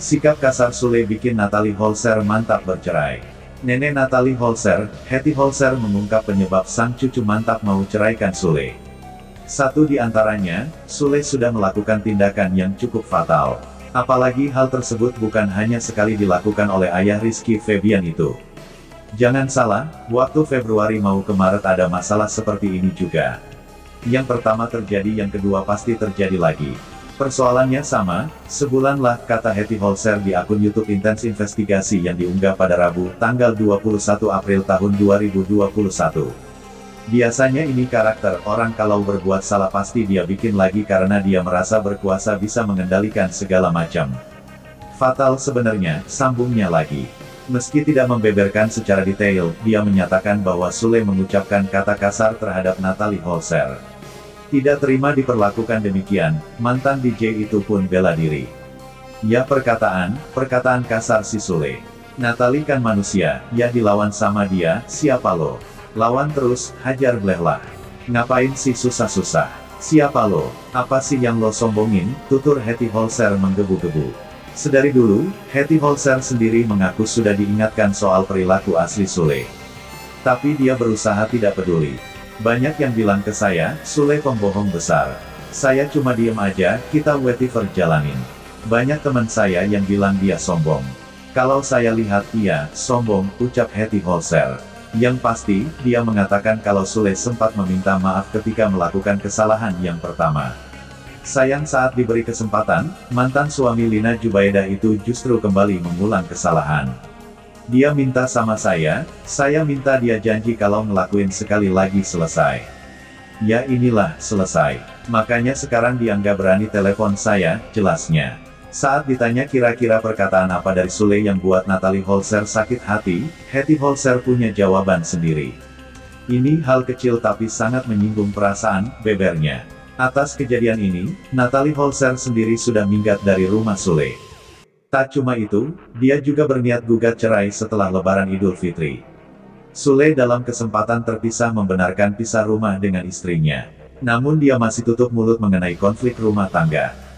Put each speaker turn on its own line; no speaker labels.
Sikap kasar Sule bikin Natalie Holzer mantap bercerai. Nenek Natalie Holzer, Hetty Holzer mengungkap penyebab sang cucu mantap mau ceraikan Sule. Satu di antaranya, Sule sudah melakukan tindakan yang cukup fatal. Apalagi hal tersebut bukan hanya sekali dilakukan oleh ayah Rizky Febian itu. Jangan salah, waktu Februari mau ke Maret ada masalah seperti ini juga. Yang pertama terjadi yang kedua pasti terjadi lagi. Persoalannya sama, sebulanlah, kata Hetty Holzer di akun YouTube Intense Investigasi yang diunggah pada Rabu, tanggal 21 April tahun 2021. Biasanya ini karakter orang kalau berbuat salah pasti dia bikin lagi karena dia merasa berkuasa bisa mengendalikan segala macam. Fatal sebenarnya, sambungnya lagi. Meski tidak membeberkan secara detail, dia menyatakan bahwa Sule mengucapkan kata kasar terhadap Natalie Holzer. Tidak terima diperlakukan demikian, mantan DJ itu pun bela diri. Ya perkataan, perkataan kasar si Sule. Natali kan manusia, ya dilawan sama dia, siapa lo? Lawan terus, hajar belehlah. Ngapain sih susah-susah? Siapa lo? Apa sih yang lo sombongin? Tutur Hetty Holser menggebu-gebu. Sedari dulu, Hetty Holser sendiri mengaku sudah diingatkan soal perilaku asli Sule. Tapi dia berusaha tidak peduli. Banyak yang bilang ke saya, Sule pembohong besar. Saya cuma diem aja, kita wetiver jalanin. Banyak teman saya yang bilang dia sombong. Kalau saya lihat dia, sombong, ucap Hetty Holzer. Yang pasti, dia mengatakan kalau Sule sempat meminta maaf ketika melakukan kesalahan yang pertama. Sayang saat diberi kesempatan, mantan suami Lina Jubaidah itu justru kembali mengulang kesalahan. Dia minta sama saya, saya minta dia janji kalau ngelakuin sekali lagi selesai. Ya inilah, selesai. Makanya sekarang dia nggak berani telepon saya, jelasnya. Saat ditanya kira-kira perkataan apa dari Sule yang buat Natalie Holzer sakit hati, Hetty Holzer punya jawaban sendiri. Ini hal kecil tapi sangat menyinggung perasaan, bebernya. Atas kejadian ini, Natalie Holzer sendiri sudah minggat dari rumah Sule. Tak cuma itu, dia juga berniat gugat cerai setelah lebaran Idul Fitri. Sule dalam kesempatan terpisah membenarkan pisah rumah dengan istrinya. Namun dia masih tutup mulut mengenai konflik rumah tangga.